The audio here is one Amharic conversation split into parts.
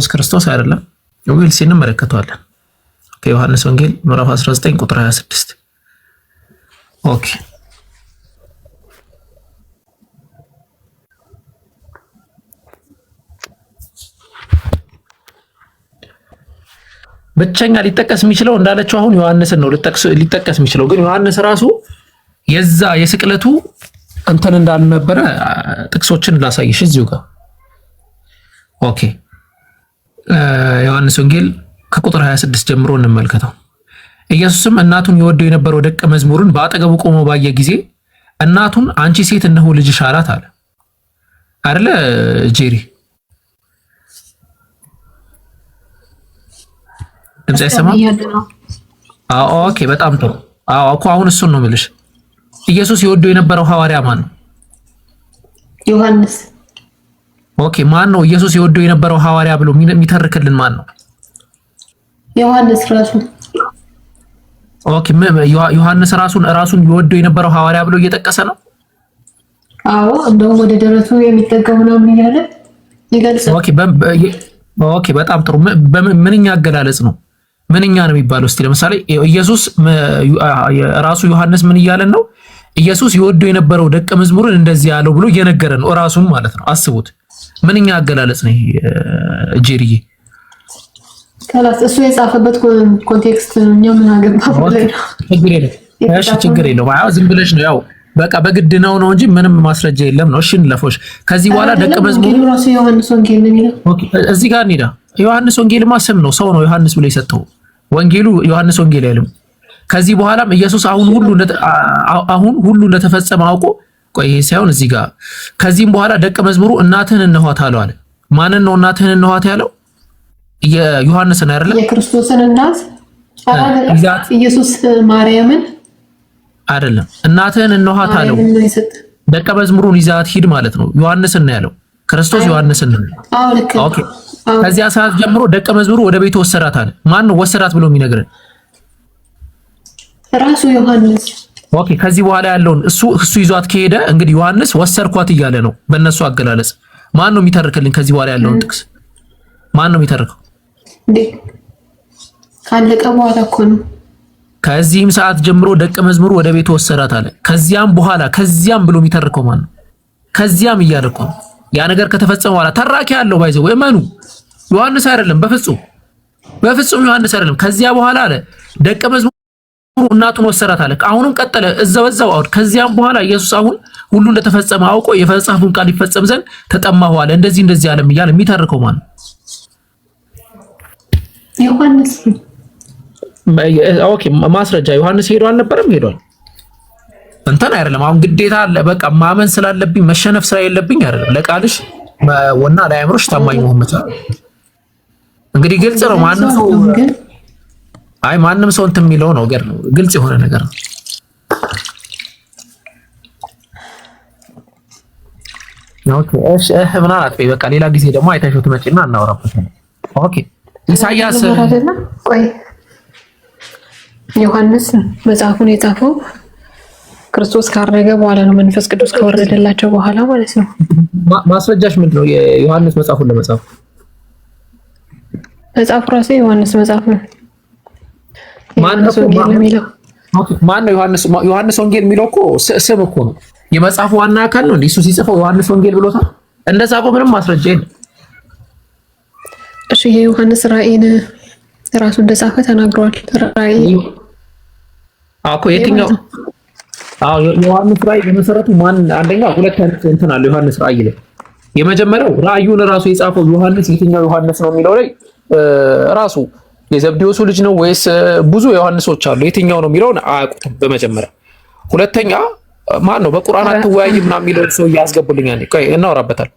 ኢየሱስ ክርስቶስ አይደለም ዮዌል ሲል እንመለከተዋለን። ዮሐንስ ወንጌል ምዕራፍ 19 ቁጥር 26 ኦኬ ብቸኛ ሊጠቀስ የሚችለው እንዳለችው አሁን ዮሐንስን ነው ሊጠቀስ የሚችለው። ግን ዮሐንስ ራሱ የዛ የስቅለቱ እንትን እንዳልነበረ ጥቅሶችን ላሳይሽ እዚሁ ጋር ኦኬ ዮሐንስ ወንጌል ከቁጥር 26 ጀምሮ እንመልከተው። ኢየሱስም እናቱን ይወደው የነበረው ደቀ መዝሙርን በአጠገቡ ቆሞ ባየ ጊዜ እናቱን አንቺ ሴት እነሆ ልጅሽ አላት አለ። አይደለ ጄሪ? ድምፅ አይሰማም? ኦኬ፣ በጣም ጥሩ። እኮ አሁን እሱን ነው የምልሽ። ኢየሱስ የወደው የነበረው ሐዋርያ ማን ነው? ዮሐንስ ኦኬ ማን ነው ኢየሱስ የወደው የነበረው ሐዋርያ ብሎ የሚተርክልን ማን ነው? ዮሐንስ ራሱ። ኦኬ ዮሐንስ ራሱን ራሱን የወደው የነበረው ሐዋርያ ብሎ እየጠቀሰ ነው። አዎ እንደውም ወደ ደረቱ የሚጠጋው ምናምን እያለ ይገልጻል። ኦኬ ኦኬ በጣም ጥሩ። ምንኛ አገላለጽ ነው? ምንኛ ነው የሚባለው? እስቲ ለምሳሌ ኢየሱስ ራሱ ዮሐንስ ምን እያለን ነው? ኢየሱስ የወደው የነበረው ደቀ መዝሙርን እንደዚህ ያለው ብሎ እየነገረን ነው ራሱን ማለት ነው። አስቡት ምንኛ አገላለጽ ነው ጄሪዬ? ከላስ እሱ የጻፈበት ኮንቴክስት ነው። ምን አገባ ችግር የለውም። አዎ ዝም ብለሽ ነው ያው በቃ በግድ ነው ነው እንጂ ምንም ማስረጃ የለም ነው። እሺ እንለፎሽ። ከዚህ በኋላ ደቀ መዝሙር እዚህ ጋር እንሂዳ። ዮሐንስ ወንጌልማ ስም ነው፣ ሰው ነው ዮሐንስ ብሎ የሰጠው ወንጌሉ ዮሐንስ ወንጌል አይልም። ከዚህ በኋላም ኢየሱስ አሁን ሁሉ አሁን ሁሉ እንደተፈጸመ አውቆ ቆይ ሳይሆን እዚህ ጋር ከዚህም በኋላ ደቀ መዝሙሩ እናትህን እንኋት አለው አለ። ማንን ነው እናትህን እንኋት ያለው? የዮሐንስን አይደለም የክርስቶስን እናት ኢየሱስ ማርያምን አይደለም። እናትህን እንኋት አለው። ደቀ መዝሙሩን ይዛት ሂድ ማለት ነው። ዮሐንስን ነው ያለው። ክርስቶስ ዮሐንስን ነው። ኦኬ። ከዚያ ሰዓት ጀምሮ ደቀ መዝሙሩ ወደ ቤት ወሰዳት አለ። ማን ነው ወሰዳት ብሎ የሚነግረን? ራሱ ዮሐንስ ኦኬ ከዚህ በኋላ ያለውን እሱ እሱ ይዟት ከሄደ እንግዲህ ዮሐንስ ወሰድኳት እያለ ነው። በእነሱ አገላለጽ ማን ነው የሚተርክልን? ከዚህ በኋላ ያለውን ጥቅስ ማን ነው የሚተርከው? ካለቀ በኋላ እኮ ነው። ከዚህም ሰዓት ጀምሮ ደቀ መዝሙሩ ወደ ቤቱ ወሰዳት አለ። ከዚያም በኋላ ከዚያም ብሎ የሚተርከው ማን ነው? ከዚያም እያለ እኮ ነው። ያ ነገር ከተፈጸመ በኋላ ተራኪ ያለው ባይዘው እመኑ፣ ዮሐንስ አይደለም። በፍጹም በፍጹም ዮሐንስ አይደለም። ከዚያ በኋላ አለ ደቀ መዝሙር እናቱን ወሰዳት አለ። አሁንም ቀጠለ እዛ በዛው አውድ። ከዚያም በኋላ ኢየሱስ አሁን ሁሉ እንደተፈጸመ አውቆ የመጽሐፉን ቃል ይፈጸም ዘንድ ተጠማሁ አለ። እንደዚህ እንደዚህ አለም እያለ የሚተርከው ማለት ዮሐንስ ኦኬ፣ ማስረጃ ዮሐንስ ሄዶ አልነበረም? ሄዷል። እንትን አይደለም አሁን ግዴታ በቃ ማመን ስላለብኝ መሸነፍ ስራ የለብኝ አይደለም። ለቃልሽ ወና ለአእምሮሽ ታማኝ መሆን መቻል እንግዲህ ግልጽ ነው ማንም አይ ማንም ሰው እንትን የሚለው ነው ገር ነው ግልጽ የሆነ ነገር ነው። ኦኬ እሺ እህ ምን አላት? በቃ ሌላ ጊዜ ደግሞ አይታሽው ትመጪና እናወራበት። ኦኬ ኢሳያስ ዮሐንስ መጽሐፉን የጻፈው ክርስቶስ ካረገ በኋላ ነው፣ መንፈስ ቅዱስ ከወረደላቸው በኋላ ማለት ነው። ማስረጃሽ ምንድን ነው? የዮሐንስ መጽሐፉን ለመጻፍ መጽሐፉ ራሴ ዮሐንስ መጽሐፍ ነው። ማነው ዮሐንስ ወንጌል የሚለው እኮ ስም እኮ ነው። የመጽሐፉ ዋና አካል ነው። እሱ ሲጽፈው ዮሐንስ ወንጌል ብሎታል። እንደዛ እኮ ምንም ማስረጃ የለም። እሺ ይሄ ዮሐንስ ራእይን ራሱ እንደጻፈ ተናግሯል። ራእይ አኮ የትኛው? አዎ ዮሐንስ ራእይ በመሰረቱ ማን አንደኛ፣ ሁለት እንትን አለ ዮሐንስ ራእይ ላይ የመጀመሪያው ራእዩን ራሱ የጻፈው ዮሐንስ የትኛው ዮሐንስ ነው የሚለው ላይ ራሱ የዘብዴዎሱ ልጅ ነው ወይስ ብዙ ዮሐንሶች አሉ፣ የትኛው ነው የሚለውን አያውቁትም። በመጀመሪያ ሁለተኛ ማን ነው በቁርአን አትወያይም ና የሚለውን ሰውዬ አስገቡልኛል፣ እናወራበታል።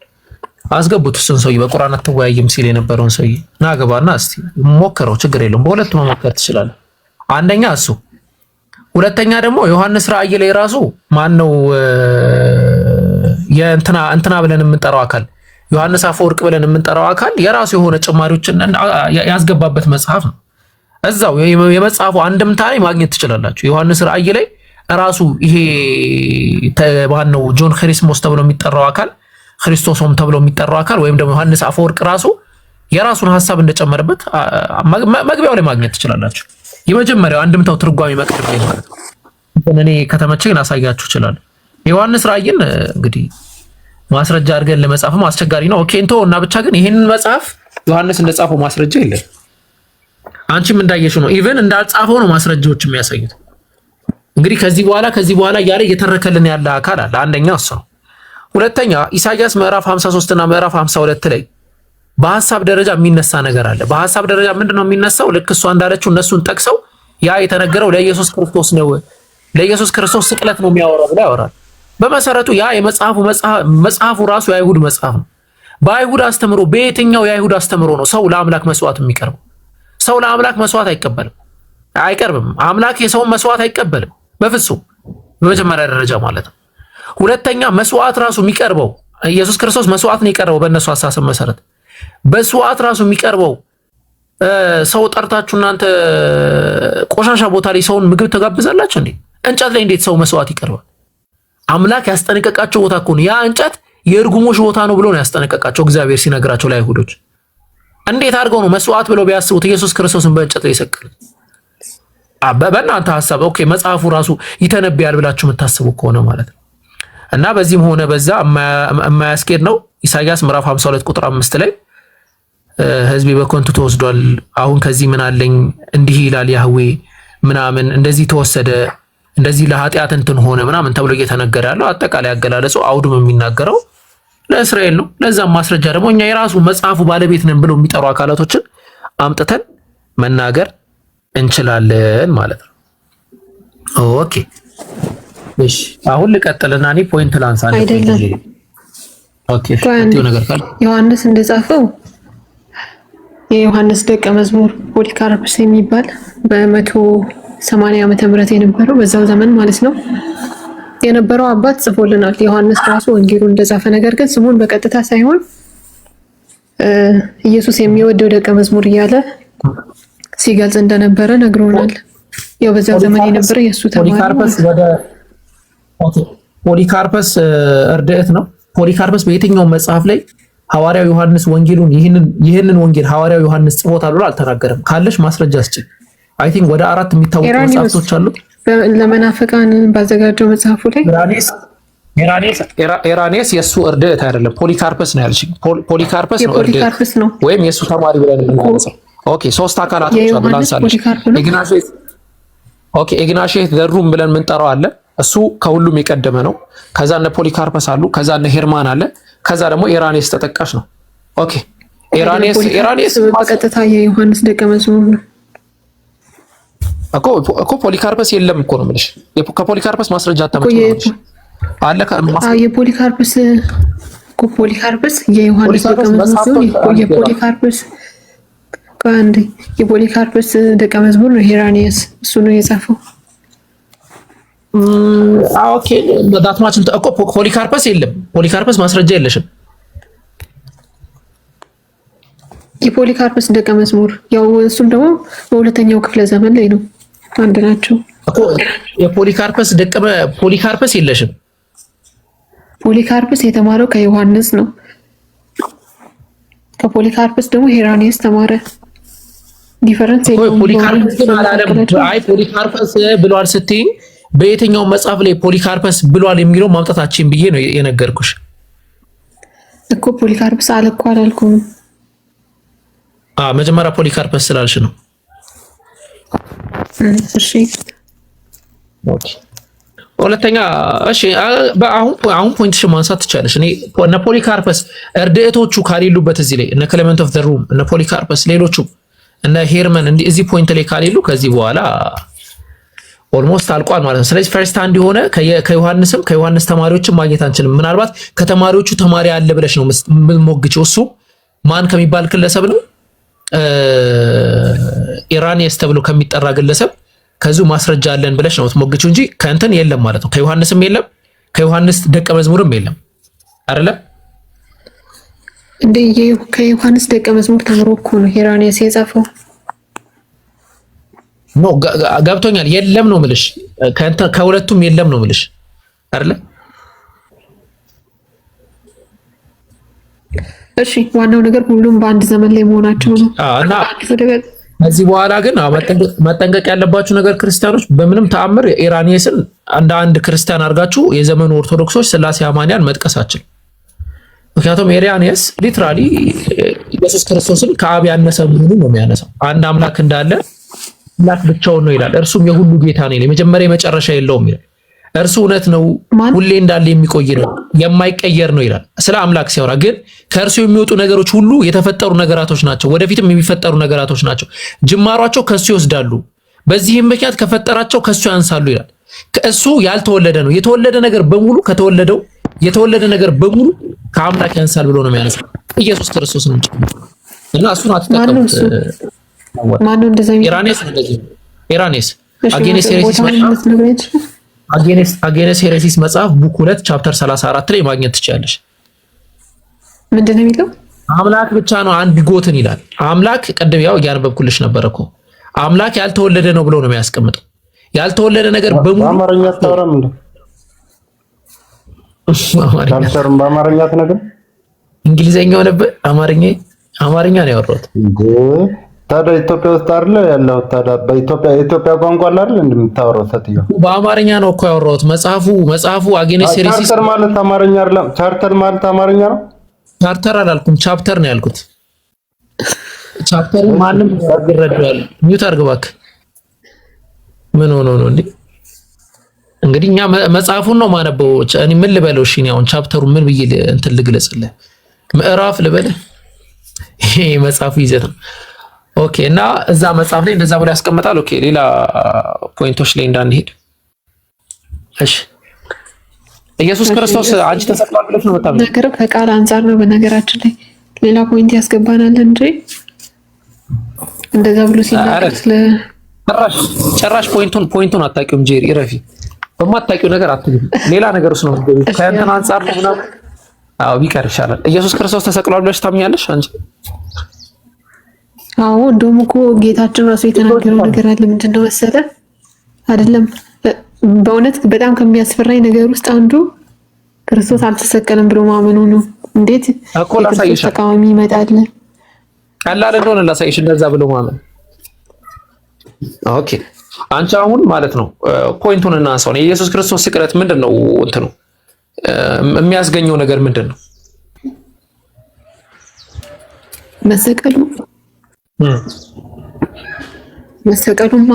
አስገቡት እሱን ሰውዬ በቁርአን አትወያይም ሲል የነበረውን ሰውዬ ና ገባና እስኪ ሞክረው፣ ችግር የለውም በሁለቱ መሞከር ትችላለህ። አንደኛ እሱ፣ ሁለተኛ ደግሞ ዮሐንስ ራእይ ላይ ራሱ ማን ነው የእንትና እንትና ብለን የምንጠራው አካል ዮሐንስ አፈወርቅ ብለን የምንጠራው አካል የራሱ የሆነ ጭማሪዎችን ያስገባበት መጽሐፍ ነው። እዛው የመጽሐፉ አንድምታ ላይ ማግኘት ትችላላችሁ። ዮሐንስ ራእይ ላይ ራሱ ይሄ ማነው ጆን ክሪስሞስ ተብሎ የሚጠራው አካል ክርስቶሶም ተብሎ የሚጠራው አካል ወይም ደግሞ ዮሐንስ አፈወርቅ ራሱ የራሱን ሀሳብ እንደጨመረበት መግቢያው ላይ ማግኘት ትችላላችሁ። የመጀመሪያው አንድምታው ትርጓሜ መቅደም ላይ ማለት ነው። እኔ ከተመቸኝ አሳያችሁ እችላለሁ። የዮሐንስ ራእይን እንግዲህ ማስረጃ አድርገን ለመጻፍም አስቸጋሪ ነው። ኦኬ እንቶ እና ብቻ ግን ይህንን መጽሐፍ ዮሐንስ እንደጻፈው ማስረጃ የለም። አንቺም እንዳየሽ ነው። ኢቨን እንዳልጻፈው ነው ማስረጃዎች የሚያሳዩት። እንግዲህ ከዚህ በኋላ ከዚህ በኋላ እያለ እየተረከልን ያለ አካል አለ። አንደኛ እሱ ነው። ሁለተኛ ኢሳያስ ምዕራፍ 53 እና ምዕራፍ 52 ላይ በሀሳብ ደረጃ የሚነሳ ነገር አለ። በሀሳብ ደረጃ ምንድነው የሚነሳው? ልክ እሷ እንዳለችው እነሱን ጠቅሰው ያ የተነገረው ለኢየሱስ ክርስቶስ ነው፣ ለኢየሱስ ክርስቶስ ስቅለት ነው የሚያወራው ብላ ያወራል። በመሰረቱ ያ የመጽሐፉ መጽሐፉ ራሱ የአይሁድ መጽሐፍ ነው። በአይሁድ አስተምሮ በየትኛው የአይሁድ አስተምሮ ነው ሰው ለአምላክ መስዋዕት የሚቀርበው? ሰው ለአምላክ መስዋዕት አይቀበልም፣ አይቀርብም። አምላክ የሰውን መስዋዕት አይቀበልም በፍጹም በመጀመሪያ ደረጃ ማለት ነው። ሁለተኛ መስዋዕት ራሱ የሚቀርበው ኢየሱስ ክርስቶስ መስዋዕት ነው የቀረበው በእነሱ አሳሰብ መሰረት መስዋዕት ራሱ የሚቀርበው ሰው ጠርታችሁ እናንተ ቆሻሻ ቦታ ላይ ሰውን ምግብ ተጋብዛላችሁ እንዴ? እንጨት ላይ እንዴት ሰው መስዋዕት ይቀርባል? አምላክ ያስጠነቀቃቸው ቦታ እኮ ነው። ያ እንጨት የእርጉሞች ቦታ ነው ብሎ ነው ያስጠነቀቃቸው እግዚአብሔር ሲነግራቸው ለአይሁዶች። እንዴት አድርገው ነው መስዋዕት ብለው ቢያስቡት ኢየሱስ ክርስቶስን በእንጨት ላይ የሰቀሉት? በእናንተ ሀሳብ ኦኬ፣ መጽሐፉ ራሱ ይተነብያል ብላችሁ የምታስቡ ከሆነ ማለት ነው። እና በዚህም ሆነ በዛ የማያስኬድ ነው። ኢሳያስ ምዕራፍ 52 ቁጥር አምስት ላይ ህዝቤ በኮንቱ ተወስዷል፣ አሁን ከዚህ ምን አለኝ? እንዲህ ይላል ያህዌ ምናምን እንደዚህ ተወሰደ እንደዚህ ለኃጢአት እንትን ሆነ ምናምን ተብሎ እየተነገረ ያለው አጠቃላይ አገላለጹ አውዱም የሚናገረው ለእስራኤል ነው። ለዛም ማስረጃ ደግሞ እኛ የራሱ መጽሐፉ ባለቤት ነን ብለው የሚጠሩ አካላቶችን አምጥተን መናገር እንችላለን ማለት ነው። ኦኬ እሺ፣ አሁን ልቀጥልና እኔ ፖይንት ላንሳ ኦኬ ነገር ካለ ዮሐንስ እንደጻፈው የዮሐንስ ደቀ መዝሙር ፖሊካርፕስ የሚባል በመቶ ሰማንያ ዓመተ ምህረት የነበረው በዛው ዘመን ማለት ነው የነበረው አባት ጽፎልናል። ዮሐንስ ራሱ ወንጌሉ እንደጻፈ ነገር ግን ስሙን በቀጥታ ሳይሆን ኢየሱስ የሚወደው ደቀ መዝሙር እያለ ሲገልጽ እንደነበረ ነግሮናል። ያው በዛው ዘመን የነበረ የእሱ ፖሊካርፐስ እርድእት ነው። ፖሊካርፐስ በየትኛው መጽሐፍ ላይ ሐዋርያው ዮሐንስ ወንጌሉን ይህንን ወንጌል ሐዋርያው ዮሐንስ ጽፎታል ብሎ አልተናገረም። ካለሽ ማስረጃ አስጭን። አይ ቲንክ ወደ አራት የሚታወቁ መጽሐፍቶች አሉ። ለመናፍቃን ባዘጋጀው መጽሐፉ ላይ ኤራኔስ የእሱ እርድእት አይደለም ፖሊካርፐስ ነው ያለች። ፖሊካርፐስ ነው እርድእት ወይም የእሱ ተማሪ ብለን ኦኬ ሶስት አካላቶች አሉ ላንሳለች። ኢግናሼት ዘሩም ብለን ምንጠራው አለ። እሱ ከሁሉም የቀደመ ነው። ከዛ እነ ፖሊካርፐስ አሉ። ከዛ እነ ሄርማን አለ። ከዛ ደግሞ ኤራኔስ ተጠቃሽ ነው። ኦኬ ኤራኔስ በቀጥታ የዮሐንስ ደቀ መዝሙር ነው። እኮ ፖሊካርፐስ የለም እኮ ነው የምልሽ። ከፖሊካርፐስ ማስረጃ አለ የፖሊካርፐስ እኮ ፖሊካርፐስ የዮሐንስ ደቀ መዝሙር ሲሆን የፖሊካርፐስ የፖሊካርፐስ ደቀ መዝሙር ነው ሄራኒየስ፣ እሱ ነው የጻፈው። ኦኬ እኮ ፖሊካርፐስ የለም። ፖሊካርፐስ ማስረጃ የለሽም። የፖሊካርፐስ ደቀ መዝሙር ያው እሱም ደግሞ በሁለተኛው ክፍለ ዘመን ላይ ነው። አንድ ናቸው እኮ የፖሊካርፐስ ደቀ ፖሊካርፐስ የለሽም። ፖሊካርፐስ የተማረው ከዮሐንስ ነው። ከፖሊካርፐስ ደግሞ ሄራኒስ ተማረ። ዲፈረንስ ፖሊካርፐስ አይ ፖሊካርፐስ ብሏል ስትይኝ በየትኛው መጽሐፍ ላይ ፖሊካርፐስ ብሏል የሚለው ማምጣታችን ብዬ ነው የነገርኩሽ እኮ ፖሊካርፐስ አለ እኮ አላልኩም። መጀመሪያ ፖሊካርፐስ ስላልሽ ነው ሁለተኛ እሺ፣ አሁን አሁን ፖይንት ማንሳት ትቻለሽ። እኔ እነ ፖሊካርፐስ እርድእቶቹ ካሌሉበት እዚህ ላይ እነ ክሌመንት ኦፍ ዘ ሩም እነ ፖሊካርፐስ ሌሎቹ እነ ሄርመን እንዲህ እዚህ ፖይንት ላይ ካሌሉ ከዚህ በኋላ ኦልሞስት አልቋል ማለት ነው። ስለዚህ ፈርስት አንድ የሆነ ከዮሐንስም ከዮሐንስ ተማሪዎችም ማግኘት አንችልም። ምናልባት ከተማሪዎቹ ተማሪ አለ ብለሽ ነው ምን ሞግቸው እሱ ማን ከሚባል ግለሰብ ነው ኢራንስ ተብሎ ከሚጠራ ግለሰብ ከዚሁ ማስረጃ አለን ብለሽ ነው የምትሞግችው እንጂ ከእንትን የለም ማለት ነው። ከዮሐንስም የለም ከዮሐንስ ደቀ መዝሙርም የለም አይደለም እንዴ? ከዮሐንስ ደቀ መዝሙር ተምሮ እኮ ነው ኢራንስ የጻፈው። ኖ ገብቶኛል። የለም ነው ምልሽ፣ ከሁለቱም የለም ነው ምልሽ አይደለም እሺ ዋናው ነገር ሁሉም በአንድ ዘመን ላይ መሆናቸው ነው። ከዚህ በኋላ ግን መጠንቀቅ ያለባችሁ ነገር ክርስቲያኖች በምንም ተአምር ኢራኒየስን እንደ አንድ ክርስቲያን አድርጋችሁ የዘመኑ ኦርቶዶክሶች ስላሴ አማንያን መጥቀሳችን። ምክንያቱም ኢራኒስ ሊትራሊ ኢየሱስ ክርስቶስን ከአብ ያነሰ መሆኑ ነው የሚያነሳው። አንድ አምላክ እንዳለ አምላክ ብቻውን ነው ይላል። እርሱም የሁሉ ጌታ ነው፣ የመጀመሪያ የመጨረሻ የለውም ይላል። እርሱ እውነት ነው፣ ሁሌ እንዳለ የሚቆይ ነው፣ የማይቀየር ነው ይላል። ስለ አምላክ ሲያወራ ግን ከእርሱ የሚወጡ ነገሮች ሁሉ የተፈጠሩ ነገራቶች ናቸው፣ ወደፊትም የሚፈጠሩ ነገራቶች ናቸው። ጅማሯቸው ከእሱ ይወስዳሉ፣ በዚህም ምክንያት ከፈጠራቸው ከእሱ ያንሳሉ ይላል። እሱ ያልተወለደ ነው። የተወለደ ነገር በሙሉ ከተወለደው የተወለደ ነገር በሙሉ ከአምላክ ያንሳል ብሎ ነው የሚያነሳው ኢየሱስ ክርስቶስ ነው እና እሱን ኢራኔስ ማነው እንደዛ ኢራኔስ አጌነስ ሄረሲስ መጽሐፍ ቡክ ሁለት ቻፕተር 34 ላይ ማግኘት ትችላለሽ። ምንድን ነው የሚለው? አምላክ ብቻ ነው አንድ ጎትን ይላል። አምላክ ቀደም ያው እያነበብኩልሽ ነበር እኮ አምላክ ያልተወለደ ነው ብሎ ነው የሚያስቀምጠው። ያልተወለደ ነገር በሙሉ አማርኛ አታወራም እንዴ? በአማርኛ አትነግርም? እንግሊዘኛ ነበር አማርኛ አማርኛ ነው ያወራሁት ታዲያ ኢትዮጵያ ውስጥ አይደለ ያለው? ታዲያ በኢትዮጵያ የኢትዮጵያ ቋንቋ አይደለ እንደምታወራው? ሰትዮ በአማርኛ ነው እኮ ያወራሁት። መጽሐፉ መጽሐፉ አጌኔስ ሪሲስ ቻርተር ማለት አማርኛ አይደለም። ቻርተር ማለት አማርኛ ነው። ቻርተር አላልኩም፣ ቻፕተር ነው ያልኩት። ቻፕተር ማንም ይረዳዋል። ሚውት አድርግ እባክህ። ምን ሆኖ ነው እንዴ? እንግዲህ እኛ መጽሐፉን ነው ማነበው። እኔ ምን ልበለው? እሺ አሁን ቻፕተሩ ምን ብዬ እንትን ልግለጽልህ? ምዕራፍ ልበልህ? ይሄ መጽሐፉ ይዘት ነው ኦኬ እና እዛ መጽሐፍ ላይ እንደዛ ብሎ ያስቀምጣል። ኦኬ ሌላ ፖይንቶች ላይ እንዳንሄድ። እሺ ኢየሱስ ክርስቶስ አንቺ ተሰቅሏል ብለሽ ነው መጣብሽ። ነገር ከቃል አንጻር ነው። በነገራችን ላይ ሌላ ፖይንት ያስገባናል እንጂ እንደዛ ብሎ ሲናገር ስለ ጭራሽ ጭራሽ ፖይንቱን ፖይንቱን አታውቂውም። ጄሪ ረፊ በማታውቂው ነገር አትግቢ። ሌላ ነገር ውስጥ ነው ከእንትን አንጻር ነው ምናምን። አዎ ቢቀር ይሻላል። ኢየሱስ ክርስቶስ ተሰቅሏል ብለሽ ታምኛለሽ አንቺ? አዎ እንደውም እኮ ጌታችን ራሱ የተናገረው ነገር አለ። ምንድን ነው መሰለህ? አይደለም በእውነት በጣም ከሚያስፈራኝ ነገር ውስጥ አንዱ ክርስቶስ አልተሰቀለም ብሎ ማመኑ ነው። እንዴት የክርስቶስ ተቃዋሚ ይመጣል? ቀላል እንደሆነ ላሳይሽ። እንደዛ ብሎ ማመን ኦኬ። አንቺ አሁን ማለት ነው ፖይንቱን እናንሳውን። የኢየሱስ ክርስቶስ ስቅለት ምንድን ነው እንትኑ የሚያስገኘው ነገር ምንድን ነው መሰቀሉ መሰቀሉማ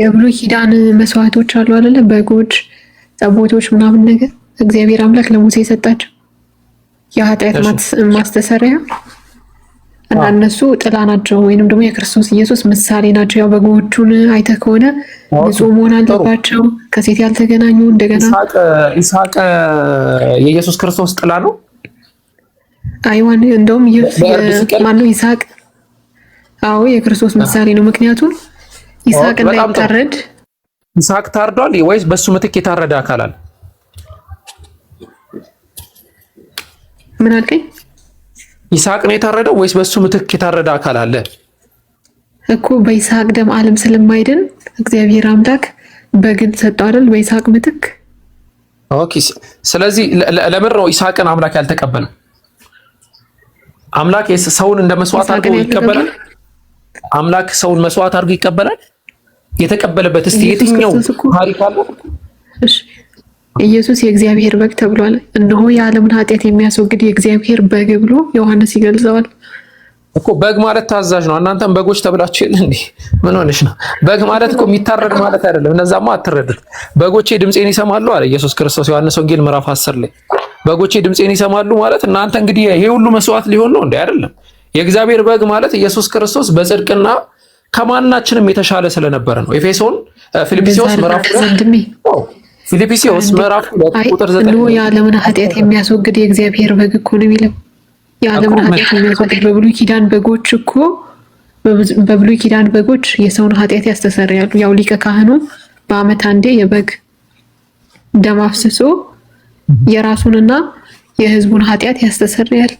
የብሉይ ኪዳን መስዋዕቶች አሉ አይደለ? በጎች፣ ጠቦቶች ምናምን ነገር እግዚአብሔር አምላክ ለሙሴ የሰጣቸው የኃጢአት ማስተሰሪያ እና እነሱ ጥላ ናቸው፣ ወይንም ደግሞ የክርስቶስ ኢየሱስ ምሳሌ ናቸው። ያው በጎቹን አይተህ ከሆነ ንጹህ መሆን አለባቸው፣ ከሴት ያልተገናኙ። እንደገና ይስሐቅ የኢየሱስ ክርስቶስ ጥላ ነው። አይዋን እንደውም ማነው ይስሐቅ አዎ የክርስቶስ ምሳሌ ነው። ምክንያቱም ይስሐቅ እንዳይታረድ ይስሐቅ ታርዷል ወይስ በሱ ምትክ የታረደ አካል አለ? ምን አልከኝ? ይስሐቅ ነው የታረደው ወይስ በሱ ምትክ የታረደ አካል አለ? እኮ በይስሐቅ ደም ዓለም ስለማይድን እግዚአብሔር አምላክ በግን ሰጠው አይደል? በይስሐቅ ምትክ። ኦኬ። ስለዚህ ለምን ነው ይስሐቅን አምላክ ያልተቀበለው? አምላክ ሰውን እንደ መስዋዕት አድርጎ ይቀበላል። አምላክ ሰውን መስዋዕት አድርጎ ይቀበላል? የተቀበለበት እስቲ የትኛው ታሪክ አለ? ኢየሱስ የእግዚአብሔር በግ ተብሏል። እነሆ የዓለምን ኃጢአት የሚያስወግድ የእግዚአብሔር በግ ብሎ ዮሐንስ ይገልጸዋል እኮ። በግ ማለት ታዛዥ ነው። እናንተም በጎች ተብላችሁ የለ እንዴ? ምን ሆነሽ ነው? በግ ማለት እኮ የሚታረድ ማለት አይደለም። እነዛማ አትረዱም። በጎቼ ድምፄን ይሰማሉ አለ ኢየሱስ ክርስቶስ ዮሐንስ ወንጌል ምዕራፍ አስር ላይ በጎቼ ድምፄን ይሰማሉ ማለት እናንተ እንግዲህ ይሄ ሁሉ መስዋዕት ሊሆን ነው እንዴ? አይደለም የእግዚአብሔር በግ ማለት ኢየሱስ ክርስቶስ በጽድቅና ከማናችንም የተሻለ ስለነበረ ነው። ኤፌሶን ፊልጵስዩስ ምዕራፍ ፊልጵስዩስ ምዕራፍ ቁጥር ዘጠኝ የዓለምን ኃጢአት የሚያስወግድ የእግዚአብሔር በግ እኮ ነው የሚለው። የዓለምን ኃጢአት የሚያስወግድ በብሉይ ኪዳን በጎች እኮ በብሉይ ኪዳን በጎች የሰውን ኃጢአት ያስተሰርያሉ። ያው ሊቀ ካህኑ በዓመት አንዴ የበግ ደም አፍስሶ የራሱንና የሕዝቡን ኃጢአት ያስተሰርያል።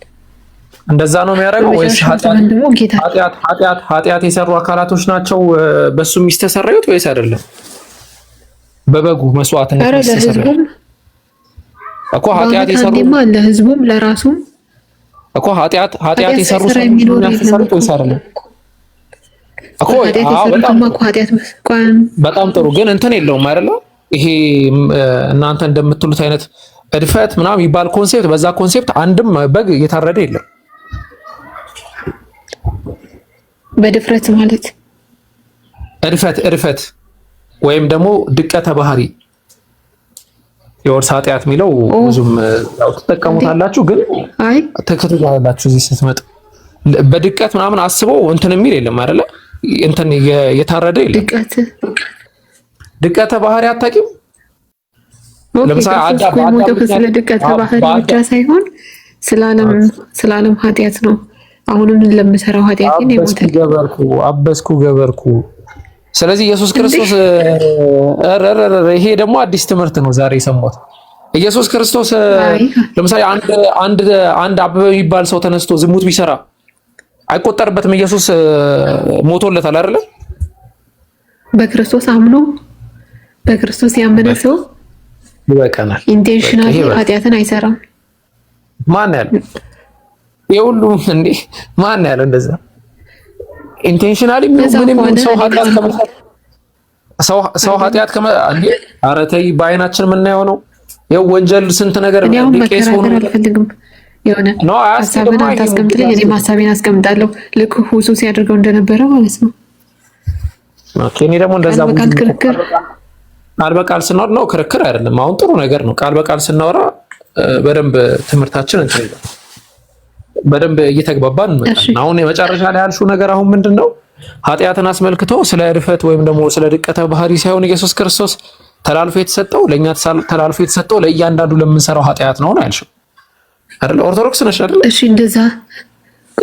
እንደዛ ነው የሚያደርገው ወይስ ኃጢአት የሰሩ አካላቶች ናቸው በሱ የሚስተሰረዩት ወይስ አይደለም? በበጉ መስዋዕትነት የሚስተሰረዩት እኮ ኃጢአት የሰሩ ለህዝቡም ለራሱም እኮ ኃጢአት ኃጢአት የሰሩ ሰዎች ወይስ አይደለም? እኮ በጣም ጥሩ ግን እንትን የለውም አይደለ? ይሄ እናንተ እንደምትሉት አይነት እድፈት ምናምን የሚባል ኮንሴፕት በዛ ኮንሴፕት አንድም በግ እየታረደ የለም። በድፍረት ማለት እርፈት እርፈት ወይም ደግሞ ድቀተ ባህሪ የወርስ ኃጢአት የሚለው ብዙም ትጠቀሙታላችሁ፣ ግን ተከትላላችሁ እዚህ ስትመጡ በድቀት ምናምን አስበው እንትን የሚል የለም አይደለ? እንትን የታረደ የለም። ድቀተ ባህሪ አታውቂም? ለምሳሌ አዳ ድቀተ ባህሪ ብቻ ሳይሆን ስለ ዓለም ኃጢአት ነው አሁንም ለምሰራው ኃጢአት ግን ይሞታል። ገበርኩ አበስኩ ገበርኩ። ስለዚህ ኢየሱስ ክርስቶስ ይሄ ደግሞ አዲስ ትምህርት ነው ዛሬ የሰማሁት። ኢየሱስ ክርስቶስ ለምሳሌ አንድ አንድ አንድ አበበ የሚባል ሰው ተነስቶ ዝሙት ቢሰራ አይቆጠርበትም። ኢየሱስ ሞቶለታል አይደለ? በክርስቶስ አምኖ በክርስቶስ ያመነ ሰው ይበቃናል። ኢንቴንሽናል ኃጢአትን አይሰራም። ማን ያለ የሁሉም እንዴ ማን ያለው እንደዛ ኢንቴንሽናሊ ምንም ሰው ኃጢአት ከመስራት ሰው ሰው ኃጢአት ከመ ኧረ ተይ በአይናችን የምናየው ነው። ይኸው ወንጀል ስንት ነገር ነው። ቄስ ሆኖ የሆነ ነው ሀሳብን አታስቀምጥልኝ፣ እኔም ሀሳቤን አስቀምጣለሁ። ልክ ሁሱ ሲያደርገው እንደነበረ ማለት ነው። ኦኬ እኔ ደግሞ እንደዛ ቃል በቃል ስናወራ ነው ክርክር አይደለም። አሁን ጥሩ ነገር ነው። ቃል በቃል ስናወራ በደንብ ትምህርታችን እንትን በደንብ እየተግባባን እንመጣለን። አሁን የመጨረሻ ላይ ያልሽው ነገር አሁን ምንድን ነው? ኃጢአትን አስመልክቶ ስለ እድፈት ወይም ደግሞ ስለ ድቀተ ባህሪ ሳይሆን ኢየሱስ ክርስቶስ ተላልፎ የተሰጠው ለእኛ ተላልፎ የተሰጠው ለእያንዳንዱ ለምንሰራው ኃጢአት ነው ነው ያልሽው አይደለ? ኦርቶዶክስ ነሽ አይደለ? እሺ፣ እንደዛ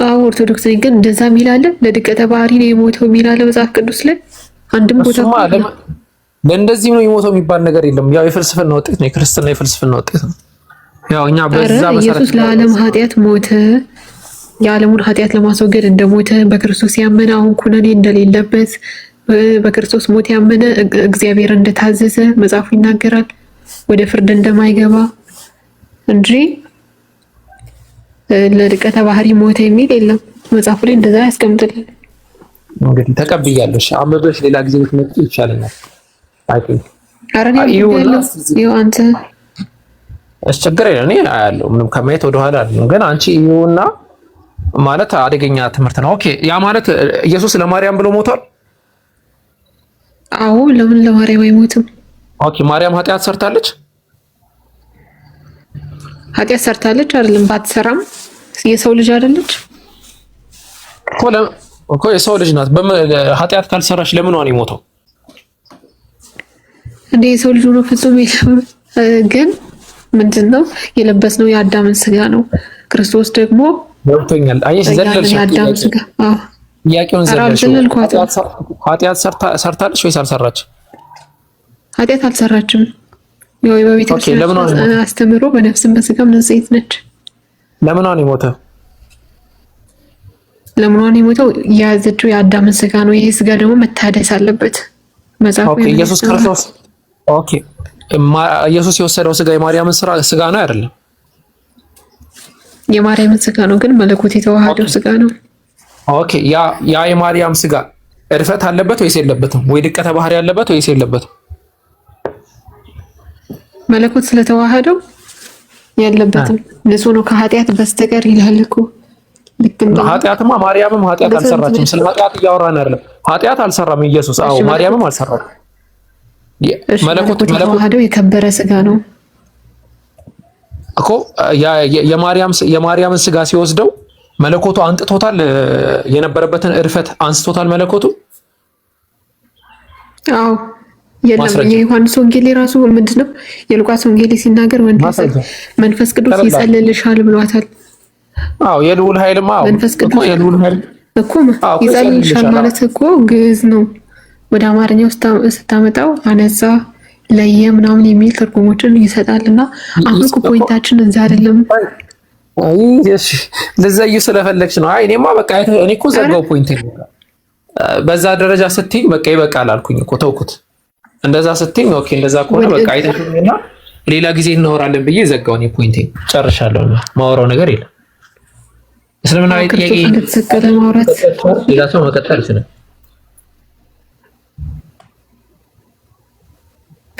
አዎ፣ ኦርቶዶክስ ነኝ። ግን እንደዛ የሚል ለድቀተ ባህሪ ነው የሞተው የሚል መጽሐፍ ቅዱስ ላይ አንድም ቦታ ለእንደዚህ ነው የሞተው የሚባል ነገር የለም። ያው የፍልስፍና ውጤት ነው፣ የክርስትና የፍልስፍና ውጤት ነው። ያው እኛ በዛ መሰረት ኢየሱስ ለዓለም ኃጢአት ሞተ። የዓለሙን ኃጢአት ለማስወገድ እንደሞተ በክርስቶስ ያመነ አሁን ኩነኔ እንደሌለበት በክርስቶስ ሞት ያመነ እግዚአብሔር እንደታዘዘ መጽሐፉ ይናገራል። ወደ ፍርድ እንደማይገባ እንጂ ለድቀተ ባህሪ ሞተ የሚል የለም። መጽሐፉ ላይ እንደዛ ያስቀምጥልን። እንግዲህ ተቀብያለሽ፣ አመበሽ ሌላ ጊዜ ብትመጪ ይሻለናል። አይ ይሁን አንተ ችግር የለም እኔ አያለሁ። ምንም ከማየት ወደኋላ አይደለም። ግን አንቺ ይሁንና ማለት አደገኛ ትምህርት ነው። ኦኬ ያ ማለት ኢየሱስ ለማርያም ብሎ ሞቷል። አዎ ለምን ለማርያም አይሞትም? ኦኬ ማርያም ኃጢአት ሰርታለች። ኃጢአት ሰርታለች አይደለም? ባትሰራም የሰው ልጅ አይደለች እኮ የሰው ልጅ ናት። ኃጢአት ካልሰራች ለምን ዋን የሞተው እንዴ? የሰው ልጅ ሆኖ ፍጹም የለም ግን ምንድን ነው የለበስነው? የአዳምን ስጋ ነው። ክርስቶስ ደግሞ ገብቶኛል። አየሽ፣ ዘለልሽ የአዳም ስጋ ጥያቄውን ዘለልሽ። ኃጢአት ሰርታለች ወይስ አልሰራች? ኃጢአት አልሰራችም። ያው በቤተክርስቲያን አስተምሮ በነፍስም በስጋም ንጽሕት ነች። ለምኗ ነው የሞተው? ለምኗ ነው የሞተው? የያዘችው የአዳምን ስጋ ነው። ይህ ስጋ ደግሞ መታደስ አለበት። መጽሐፍ ኢየሱስ ክርስቶስ ኦኬ ኢየሱስ የወሰደው ስጋ የማርያምን ስራ ስጋ ነው አይደለም? የማርያምን ስጋ ነው፣ ግን መለኮት የተዋሃደው ስጋ ነው። ኦኬ ያ ያ የማርያም ስጋ እድፈት አለበት ወይስ የለበትም? ወይ ድቀተ ባህሪ ያለበት ወይስ የለበትም? መለኮት ስለተዋሃደው የለበትም። ንጹህ ነው ከኃጢአት በስተቀር ይላል እኮ ኃጢአትማ ማርያምም ኃጢአት አልሰራችም። ስለ ኃጢአት እያወራን አይደለም። ኃጢአት አልሰራም ኢየሱስ። አዎ ማርያምም አልሰራም። መለኮት የከበረ ስጋ ነው እኮ የማርያምን ስጋ ሲወስደው መለኮቱ አንጥቶታል። የነበረበትን እድፈት አንስቶታል መለኮቱ። አዎ የለም። የዮሐንስ ወንጌል ራሱ ምንድን ነው? የሉቃስ ወንጌል ሲናገር መንፈስ ቅዱስ ይጸልልሻል ብሏታል። አዎ የልዑል ኃይልማ መንፈስ ቅዱስ እኮ ይጸልልሻል ማለት እኮ ግዕዝ ነው። ወደ አማርኛው ስታመጣው አነጻ፣ ለየ፣ ምናምን የሚል ትርጉሞችን ይሰጣል። እና አሁን ፖይንታችን እዛ አይደለም። ለዛ እዩ ስለፈለግሽ ነው። አይ እኔማ በቃ እኔ እኮ ዘጋው ፖይንት በዛ ደረጃ ስትኝ በቃ ይበቃል አልኩኝ እኮ ተውኩት። እንደዛ ስትኝ ኦኬ፣ እንደዛ ከሆነ በቃ አይተሽኝና ሌላ ጊዜ እናወራለን ብዬ ዘጋውን ፖይንት ጨርሻለሁ። ማወራው ነገር የለም። እስልምናዊ ጥያቄ ሌላ ሰው መቀጠል ይችላል።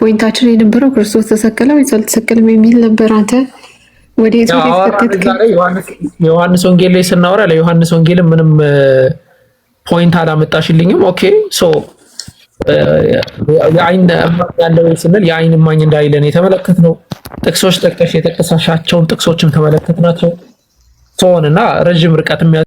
ፖይንታችን የነበረው ክርስቶስ ተሰቀለ ወይስ አልተሰቀለም የሚል ነበር። አንተ ወደ የት ዮሐንስ ወንጌል ላይ ስናወራ ለዮሐንስ ወንጌል ምንም ፖይንት አላመጣሽልኝም። ኦኬ ሶ የአይን ያለው ስንል የአይን እማኝ እንዳይለን ነው። ጥቅሶች ጠቀሽ የጠቀሳሻቸውን ጥቅሶችም ናቸው ሆን እና ረዥም ርቀት